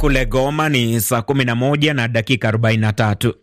kule Goma ni saa 11 na dakika 43.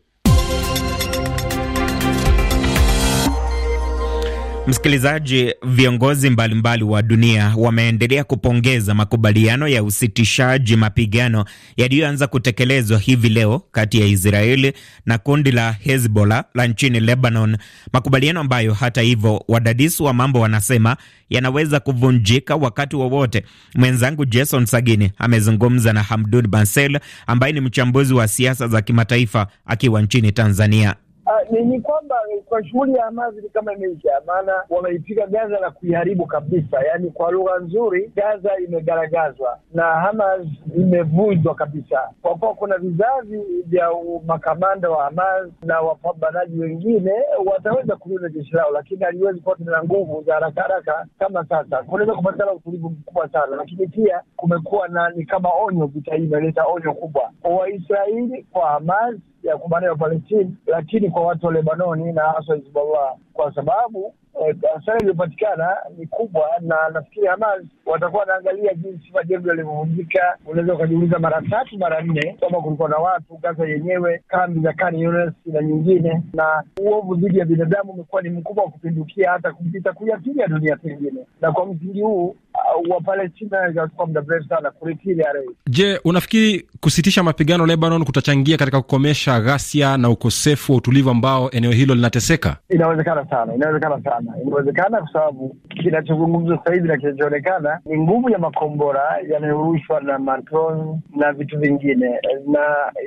Msikilizaji, viongozi mbalimbali wa dunia wameendelea kupongeza makubaliano ya usitishaji mapigano yaliyoanza kutekelezwa hivi leo kati ya Israeli na kundi la Hezbollah la nchini Lebanon, makubaliano ambayo hata hivyo wadadisi wa mambo wanasema yanaweza kuvunjika wakati wowote. wa mwenzangu Jason Sagini amezungumza na Hamdun Bansel ambaye ni mchambuzi wa siasa za kimataifa akiwa nchini Tanzania. Ah, ni, ni kwamba kwa shughuli ya Hamas ni kama imeisha, maana wameipiga Gaza na kuiharibu kabisa. Yaani kwa lugha nzuri, Gaza imegaragazwa na Hamas imevunjwa kabisa, kwa kuwa kuna vizazi vya makamanda wa Hamas na wapambanaji wengine wataweza kulinda jeshi lao, lakini haliwezi kuwa tena nguvu za haraka haraka kama sasa. Kunaweza kupatikana utulivu mkubwa sana, lakini pia kumekuwa na ni kama onyo, vita hii imeleta onyo kubwa kwa Waisraeli, kwa Hamas ya kupambania Palestina, lakini kwa watu wa Lebanoni na hasa Hizbullah kwa sababu eh, hasara iliyopatikana ni kubwa, na nafikiri Hamas watakuwa wanaangalia jinsi majengo yalivyovunjika. Unaweza ukajiuliza mara tatu mara nne kwamba kulikuwa na watu Gaza yenyewe, kambi za Khan na nyingine, na uovu dhidi ya binadamu umekuwa ni mkubwa wa kupindukia, hata kupita kuiakilia dunia pengine. Na kwa msingi huu uh, Wapalestina itachukua muda mrefu sana kulikili Je, unafikiri kusitisha mapigano Lebanon kutachangia katika kukomesha ghasia na ukosefu wa utulivu ambao eneo hilo linateseka? Inawezekana sana, inawezekana sana, inawezekana kwa sababu kinachozungumzwa sasa hivi na kinachoonekana ni nguvu ya makombora yanayorushwa na matron na vitu vingine, na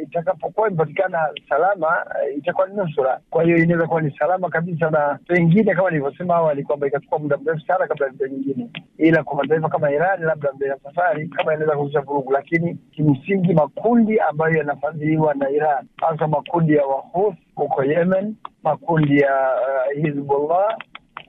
itakapokuwa imepatikana salama eh, itakuwa ni nusura. Kwa hiyo inaweza kuwa ni salama kabisa, na pengine kama nilivyosema awali kwamba itachukua muda mrefu sana kabla ya vita nyingine, ila kwa mataifa kama Irani labda mbele ya safari kama inaweza kuzusha vurugu, lakini kimsingi makundi ambayo yanafadhiliwa na Iran hasa makundi ya Wahuthi huko Yemen, makundi ya uh, Hizbullah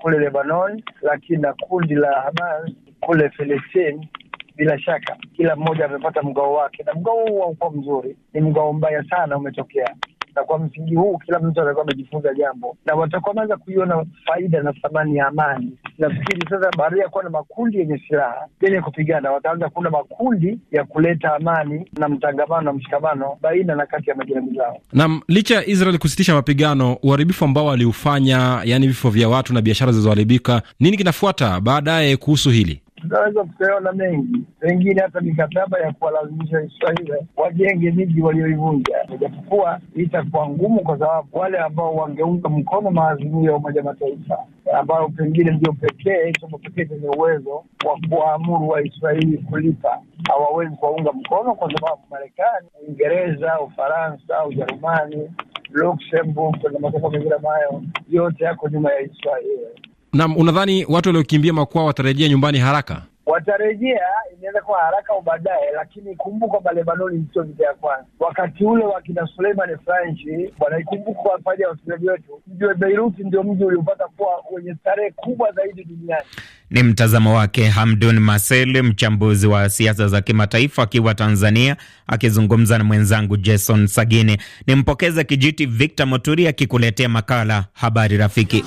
kule Lebanon, lakini na kundi la Hamas kule felestin bila shaka kila mmoja amepata mgao wake, na mgao huu haukuwa mzuri, ni mgao mbaya sana umetokea na kwa msingi huu kila mtu atakuwa amejifunza jambo na watakuwa wameanza kuiona faida na thamani ya amani. Nafikiri sasa baada ya kuwa na makundi yenye silaha yenye kupigana, wataanza kuunda makundi ya kuleta amani na mtangamano na mshikamano baina na kati ya majirani zao. Naam, licha ya Israel kusitisha mapigano, uharibifu ambao waliufanya, yaani vifo vya watu na biashara zilizoharibika, nini kinafuata baadaye kuhusu hili? tunaweza tukaona mengi, pengine hata mikataba ya kuwalazimisha Israeli wajenge miji walioivunja, ijapokuwa itakuwa ngumu, kwa sababu wale ambao wangeunga mkono maazimio ya Umoja Mataifa ambayo pengine ndio pekee chombo pekee chenye uwezo wa kuwaamuru Waisraeli kulipa hawawezi kuwaunga mkono, kwa sababu Marekani, Uingereza, Ufaransa, Ujerumani, Luxembourg na mataifa mengine ambayo yote yako nyuma ya Israeli. Naam, unadhani watu waliokimbia makwao watarejea nyumbani haraka? Watarejea, inaweza kuwa haraka au baadaye, lakini kumbuka kwamba Lebanoni sio vita ya kwanza. Wakati ule wakina Suleiman Franchi wanaikumbuka kwa faida ya wasikilizaji wetu, mji wa Beiruti ndio mji uliopata kuwa wenye starehe kubwa zaidi duniani. Ni mtazamo wake Hamdun Masel, mchambuzi wa siasa za kimataifa akiwa Tanzania, akizungumza na mwenzangu Jason Sagini. Nimpokeze kijiti Victor Moturi akikuletea makala Habari Rafiki.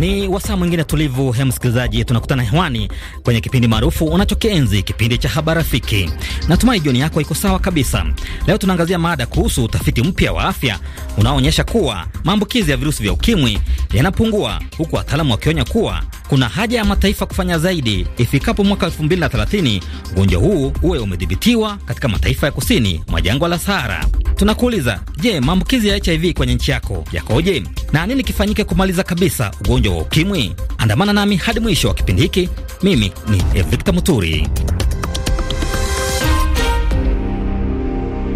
Ni wasaa mwingine tulivu, he msikilizaji, tunakutana hewani kwenye kipindi maarufu unachokienzi, kipindi cha habari rafiki. Natumai jioni yako iko sawa kabisa. Leo tunaangazia mada kuhusu utafiti mpya wa afya unaoonyesha kuwa maambukizi ya virusi vya ukimwi yanapungua, huku wataalamu wakionya kuwa kuna haja ya mataifa kufanya zaidi ifikapo mwaka 2030 ugonjwa huu uwe umedhibitiwa katika mataifa ya kusini mwa jangwa la Sahara. Tunakuuliza, je, maambukizi ya HIV kwenye nchi yako yakoje na nini kifanyike kumaliza kabisa ugonjwa wa ukimwi? Andamana nami hadi mwisho wa kipindi hiki. Mimi ni Victor Muturi.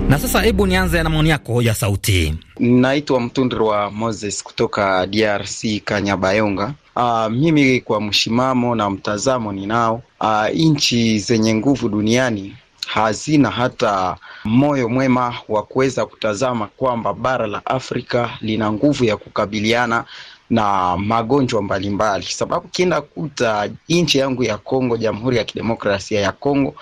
Na sasa hebu nianze na maoni yako ya sauti ninaitwa Naitwa wa Moses kutoka DRC Kanyabayonga. Uh, mimi kwa mshimamo na mtazamo ninao, uh, ah, nchi zenye nguvu duniani hazina hata moyo mwema wa kuweza kutazama kwamba bara la Afrika lina nguvu ya kukabiliana na magonjwa mbalimbali, sababu kienda kuta nchi yangu ya Kongo, Jamhuri ya Kidemokrasia ya Kongo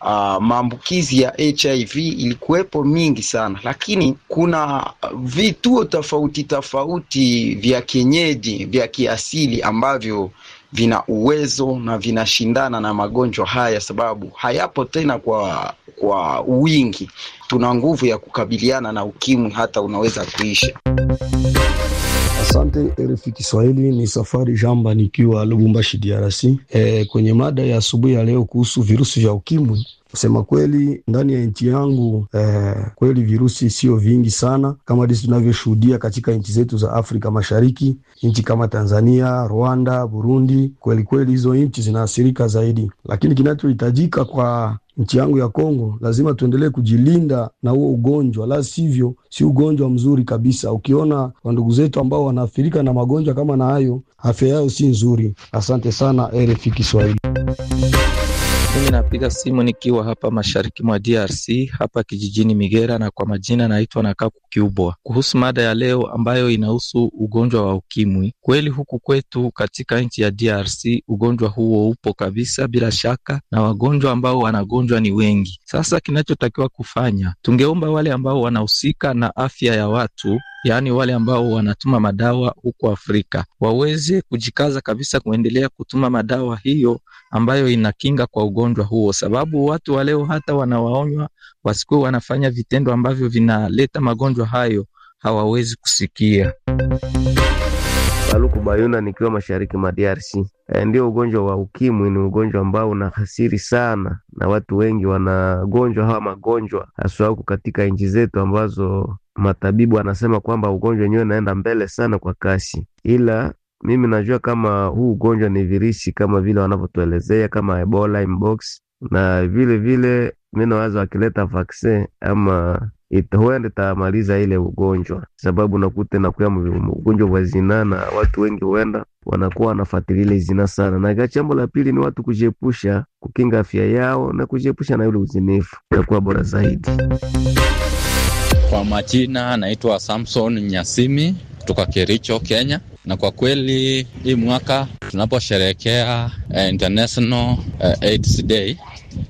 uh, maambukizi ya HIV ilikuwepo mingi sana, lakini kuna vituo tofauti tofauti vya kienyeji vya kiasili ambavyo vina uwezo na vinashindana na magonjwa haya, sababu hayapo tena kwa kwa wingi. Tuna nguvu ya kukabiliana na ukimwi, hata unaweza kuisha Asante RFI Kiswahili, ni Safari Jamba nikiwa Lubumbashi, DRC. E, kwenye mada ya asubuhi ya leo kuhusu virusi vya ukimwi Kusema kweli ndani ya nchi yangu eh, kweli virusi sio vingi sana kama jinsi tunavyoshuhudia katika nchi zetu za Afrika Mashariki, nchi kama Tanzania, Rwanda, Burundi. Kweli kweli hizo nchi zinaathirika zaidi, lakini kinachohitajika kwa nchi yangu ya Kongo, lazima tuendelee kujilinda na huo ugonjwa, la sivyo si ugonjwa mzuri kabisa. Ukiona wandugu zetu ambao wanaathirika na magonjwa kama na hayo, afya yao si nzuri. Asante sana RFI Kiswahili. Mimi napiga simu nikiwa hapa mashariki mwa DRC hapa kijijini Migera, na kwa majina naitwa Nakaku Kiubwa, kuhusu mada ya leo ambayo inahusu ugonjwa wa ukimwi. Kweli huku kwetu katika nchi ya DRC ugonjwa huo upo kabisa, bila shaka, na wagonjwa ambao wanagonjwa ni wengi. Sasa kinachotakiwa kufanya, tungeomba wale ambao wanahusika na afya ya watu yaani wale ambao wanatuma madawa huko Afrika waweze kujikaza kabisa kuendelea kutuma madawa hiyo ambayo inakinga kwa ugonjwa huo, sababu watu wa leo hata wanawaonywa wasikuwe wanafanya vitendo ambavyo vinaleta magonjwa hayo, hawawezi kusikia. Baluku Bayuna nikiwa mashariki mwa DRC. E, eh, ndio ugonjwa wa ukimwi ni ugonjwa ambao unahasiri sana, na watu wengi wanagonjwa hawa magonjwa haswa huku katika nchi zetu ambazo matabibu anasema kwamba ugonjwa wenyewe naenda mbele sana kwa kasi, ila mimi najua kama huu ugonjwa ni virusi kama vile wanavyotuelezea kama Ebola, Mpox na vile vile mi nawaza wakileta vaksin ama huenda itamaliza ile ugonjwa, sababu nakuta nakuya ugonjwa wa zinaa na watu wengi huenda wanakuwa wanafuatilia ile zinaa sana. Na jambo la pili ni watu kujiepusha, kukinga afya yao na kujiepusha na yule uzinifu, itakuwa bora zaidi. Kwa majina naitwa Samson Nyasimi kutoka Kericho, Kenya. Na kwa kweli hii mwaka tunaposherehekea eh, International eh, AIDS Day,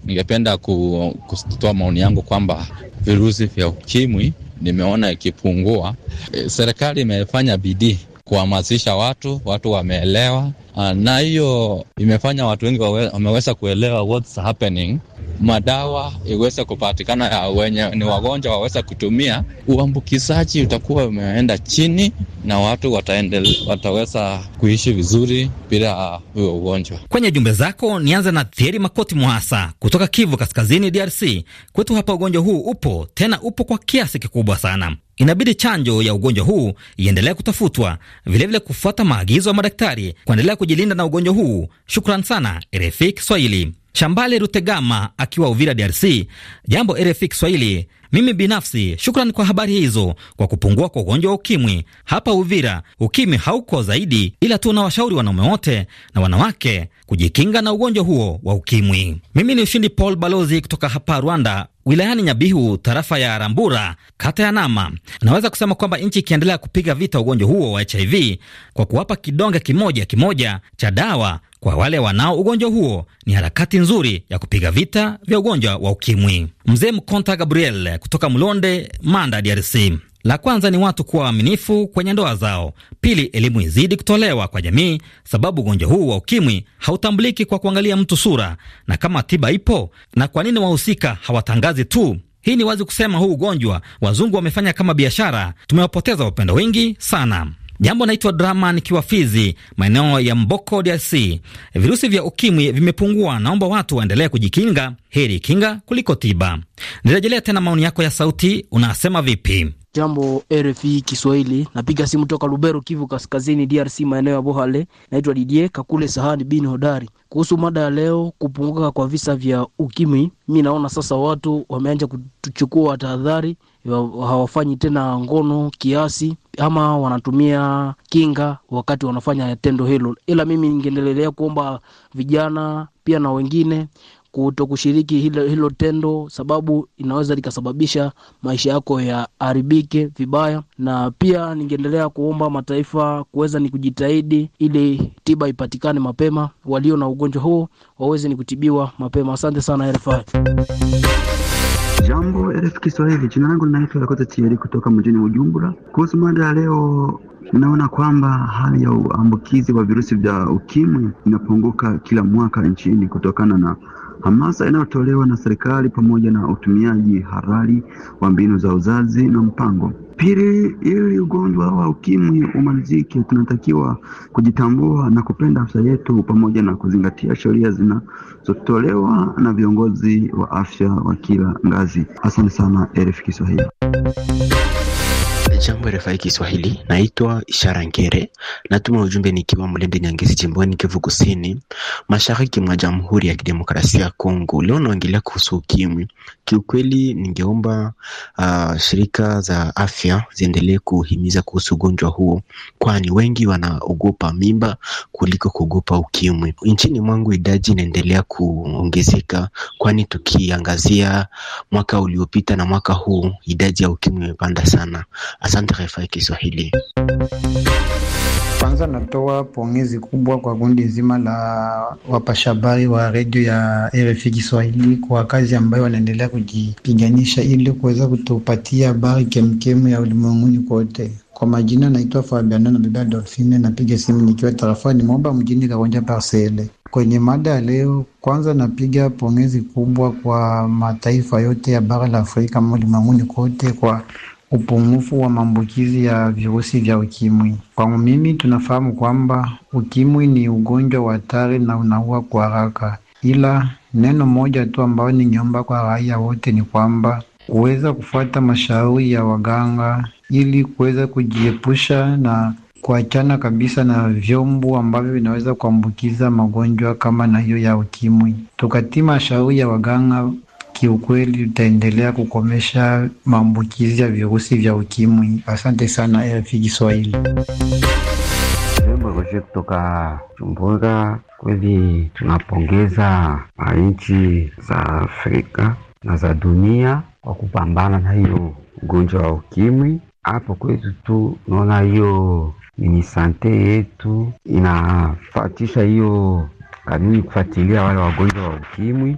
ningependa kutoa maoni yangu kwamba virusi vya ukimwi nimeona ikipungua. Eh, serikali imefanya bidii kuhamasisha watu, watu wameelewa, ah, na hiyo imefanya watu wengi wameweza kuelewa what's happening madawa iweze kupatikana ya wenye ni wagonjwa waweze kutumia, uambukizaji utakuwa umeenda chini na watu wataendele, wataweza kuishi vizuri bila huyo ugonjwa. Kwenye jumbe zako nianze na Thieri Makoti Mwasa kutoka Kivu Kaskazini, DRC. Kwetu hapa ugonjwa huu upo tena, upo kwa kiasi kikubwa sana. Inabidi chanjo ya ugonjwa huu iendelee kutafutwa, vilevile kufuata maagizo ya madaktari, kuendelea kujilinda na ugonjwa huu. Shukran sana RFI Kiswahili. Shambale Rutegama akiwa Uvira, DRC. Jambo RFI Kiswahili. Mimi binafsi shukrani kwa habari hizo. Kwa kupungua kwa ugonjwa wa ukimwi hapa Uvira, ukimwi hauko zaidi, ila tu washauri wanaume wote na wanawake kujikinga na ugonjwa huo wa ukimwi. Mimi ni ushindi Paul Balozi kutoka hapa Rwanda, wilayani Nyabihu, tarafa ya Rambura, kata ya Nama. Naweza kusema kwamba nchi ikiendelea kupiga vita ugonjwa huo wa HIV kwa kuwapa kidonge kimoja kimoja cha dawa kwa wale wanao ugonjwa huo ni harakati nzuri ya kupiga vita vya ugonjwa wa ukimwi. Mzee Mkonta Gabriel kutoka Mlonde, Manda, DRC. La kwanza ni watu kuwa waaminifu kwenye ndoa zao. Pili, elimu izidi kutolewa kwa jamii, sababu ugonjwa huu wa ukimwi hautambuliki kwa kuangalia mtu sura, na kama tiba ipo, na kwa nini wahusika hawatangazi tu? Hii ni wazi kusema huu ugonjwa wazungu wamefanya kama biashara. Tumewapoteza wapendo wengi sana. Jambo naitwa drama nikiwa Fizi, maeneo ya Mboko, DRC. Virusi vya ukimwi vimepungua, naomba watu waendelee kujikinga. Heri kinga kuliko tiba. Nirejelea tena maoni yako ya sauti, unasema vipi? Jambo RFI Kiswahili, napiga simu toka Lubero, Kivu Kaskazini, DRC, maeneo ya Bohale. Naitwa Didie Kakule Sahani bin Hodari. Kuhusu mada ya leo, kupunguka kwa visa vya ukimwi, mi naona sasa watu wameanza kuchukua tahadhari, hawafanyi tena ngono kiasi ama wanatumia kinga wakati wanafanya tendo hilo, ila mimi ningeendelea kuomba vijana pia na wengine kuto kushiriki hilo, hilo tendo, sababu inaweza likasababisha maisha yako yaharibike vibaya. Na pia ningeendelea kuomba mataifa kuweza ni kujitahidi ili tiba ipatikane mapema, walio na ugonjwa huo waweze ni kutibiwa mapema. Asante sana RFI. Jambo RF Kiswahili, jina langu linaitwa Lakota Tieri kutoka mjini Bujumbura. Kuhusu mada ya leo, naona kwamba hali ya uambukizi wa virusi vya ukimwi inapunguka kila mwaka nchini kutokana na hamasa inayotolewa na serikali pamoja na utumiaji halali wa mbinu za uzazi na mpango. Pili, ili ugonjwa wa ukimwi umalizike, tunatakiwa kujitambua na kupenda afya yetu pamoja na kuzingatia sheria zinazotolewa na viongozi wa afya wa kila ngazi. Asante sana RFI Kiswahili. Jambo RFI Kiswahili, naitwa Ishara Ngere, natuma ujumbe nikiwa Mlende Nyangezi, jimboni Kivu Kusini, mashariki mwa Jamhuri ya Kidemokrasia ya Kongo. Leo naongelea kuhusu ukimwi. Kiukweli ningeomba uh, shirika za afya ziendelee kuhimiza kuhusu ugonjwa huo, kwani wengi wanaogopa mimba kuliko kuogopa ukimwi. Nchini mwangu idadi inaendelea kuongezeka, kwani tukiangazia mwaka uliopita na mwaka huu idadi ya ukimwi imepanda sana. Asante RFI Kiswahili. Kwanza natoa pongezi kubwa kwa kundi nzima la wapashabari wa redio ya RFI Kiswahili kwa kazi ambayo wanaendelea kujipiganisha ili kuweza kutupatia habari kemkemu ya ulimwenguni kote. Kwa majina naitwa Fabiana na bibia Dolfine, napiga simu nikiwa ni Moba mjini Kagonja Parcele. Kwenye mada ya leo, kwanza napiga pongezi kubwa kwa mataifa yote ya bara la Afrika ulimwenguni kote kwa upungufu wa maambukizi ya virusi vya ukimwi. Kwangu mimi, tunafahamu kwamba ukimwi ni ugonjwa wa hatari na unaua kwa haraka, ila neno moja tu ambayo ni nyomba kwa raia wote ni kwamba kuweza kufuata mashauri ya waganga ili kuweza kujiepusha na kuachana kabisa na vyombo ambavyo vinaweza kuambukiza magonjwa kama na hiyo ya ukimwi. Tukatii mashauri ya waganga, kiukweli tutaendelea kukomesha maambukizi ya virusi vya ukimwi. Asante sana RFI Kiswahili. Embagoje kutoka Chumbura. Kweli tunapongeza nchi za Afrika na za dunia kwa kupambana na hiyo ugonjwa wa ukimwi. Hapo kwetu tu naona hiyo ni sante yetu inafatisha hiyo adui kufuatilia wale wagonjwa wa ukimwi,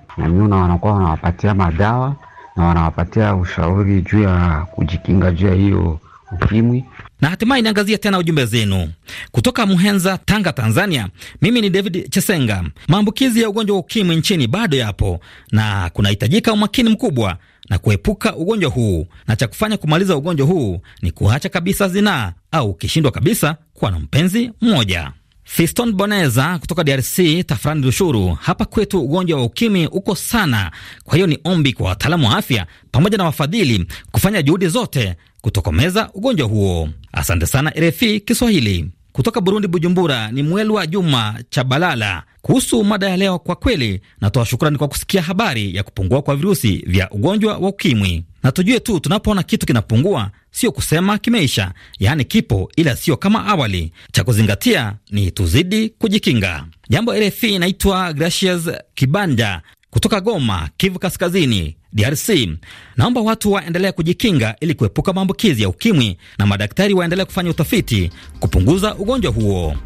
na wanakuwa wanawapatia madawa na wanawapatia ushauri juu ya kujikinga juu ya hiyo ukimwi. Na hatimaye inaangazia tena ujumbe zenu kutoka Muhenza, Tanga, Tanzania. Mimi ni David Chesenga. Maambukizi ya ugonjwa wa ukimwi nchini bado yapo na kunahitajika umakini mkubwa na kuepuka ugonjwa huu, na cha kufanya kumaliza ugonjwa huu ni kuacha kabisa zinaa, au ukishindwa kabisa kuwa na mpenzi mmoja. Fiston Boneza kutoka DRC, tafrani Rushuru. Hapa kwetu ugonjwa wa ukimwi uko sana, kwa hiyo ni ombi kwa wataalamu wa afya pamoja na wafadhili kufanya juhudi zote kutokomeza ugonjwa huo. Asante sana RFI Kiswahili. Kutoka Burundi, Bujumbura ni Mwelwa Juma Chabalala. Kuhusu mada ya leo, kwa kweli natoa shukrani kwa kusikia habari ya kupungua kwa virusi vya ugonjwa wa ukimwi, na tujue tu tunapoona kitu kinapungua sio kusema kimeisha, yaani kipo ila sio kama awali. Cha kuzingatia ni tuzidi kujikinga. Jambo RFI inaitwa Gracious Kibanja kutoka Goma, Kivu Kaskazini, DRC. Naomba watu waendelee kujikinga ili kuepuka maambukizi ya ukimwi, na madaktari waendelee kufanya utafiti kupunguza ugonjwa huo.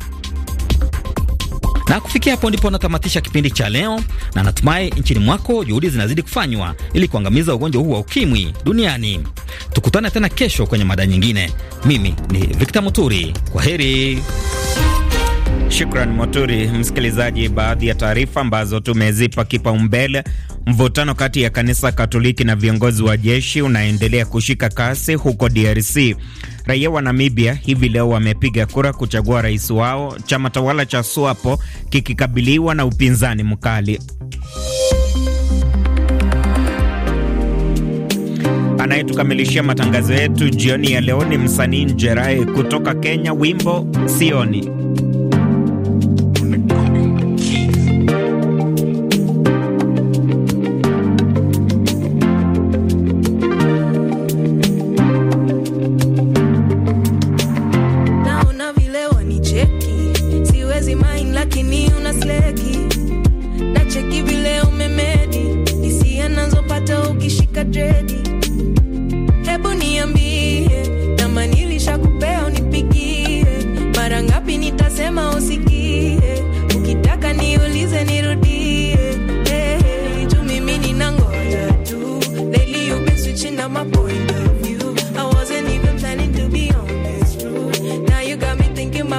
Na kufikia hapo ndipo natamatisha kipindi cha leo, na natumai nchini mwako juhudi zinazidi kufanywa ili kuangamiza ugonjwa huu wa ukimwi duniani. Tukutane tena kesho kwenye mada nyingine. Mimi ni Victor Muturi, kwa heri. Shukran Moturi. Msikilizaji, baadhi ya taarifa ambazo tumezipa kipaumbele Mvutano kati ya kanisa Katoliki na viongozi wa jeshi unaendelea kushika kasi huko DRC. Raia wa Namibia hivi leo wamepiga kura kuchagua rais wao, chama tawala cha SWAPO kikikabiliwa na upinzani mkali. Anayetukamilishia matangazo yetu jioni ya leo ni msanii Njerae kutoka Kenya, wimbo Sioni.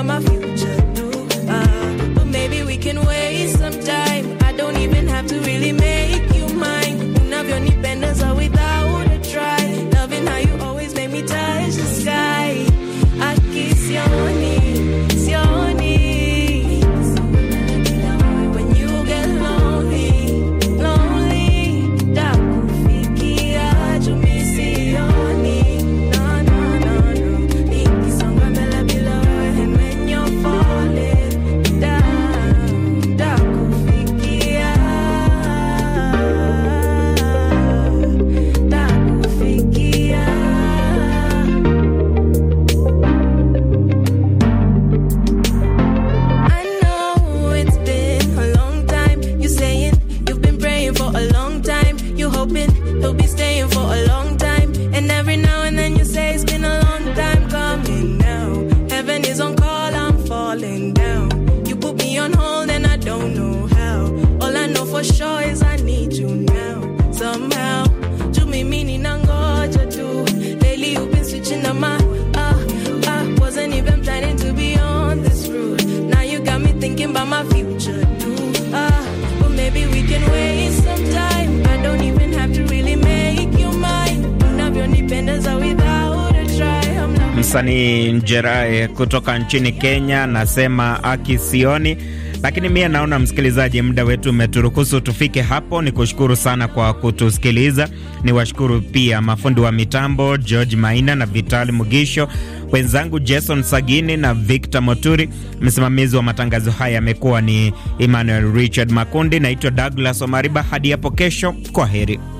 my and I don't know how. All I know for sure is I need you now, somehow. Lately you've been switching on my, uh, uh, wasn't even planning to be on this route. Now you got me thinking about my future too. Uh, but maybe we can some time. I don't even have to really make you mine. without a try. Msanii Njerae kutoka nchini Kenya nasema akisioni lakini mie naona msikilizaji, muda wetu umeturuhusu tufike hapo. Ni kushukuru sana kwa kutusikiliza. Ni washukuru pia mafundi wa mitambo George Maina na Vitali Mugisho, wenzangu Jason Sagini na Victor Moturi. Msimamizi wa matangazo haya amekuwa ni Emmanuel Richard Makundi. Naitwa Douglas Omariba. Hadi hapo kesho, kwa heri.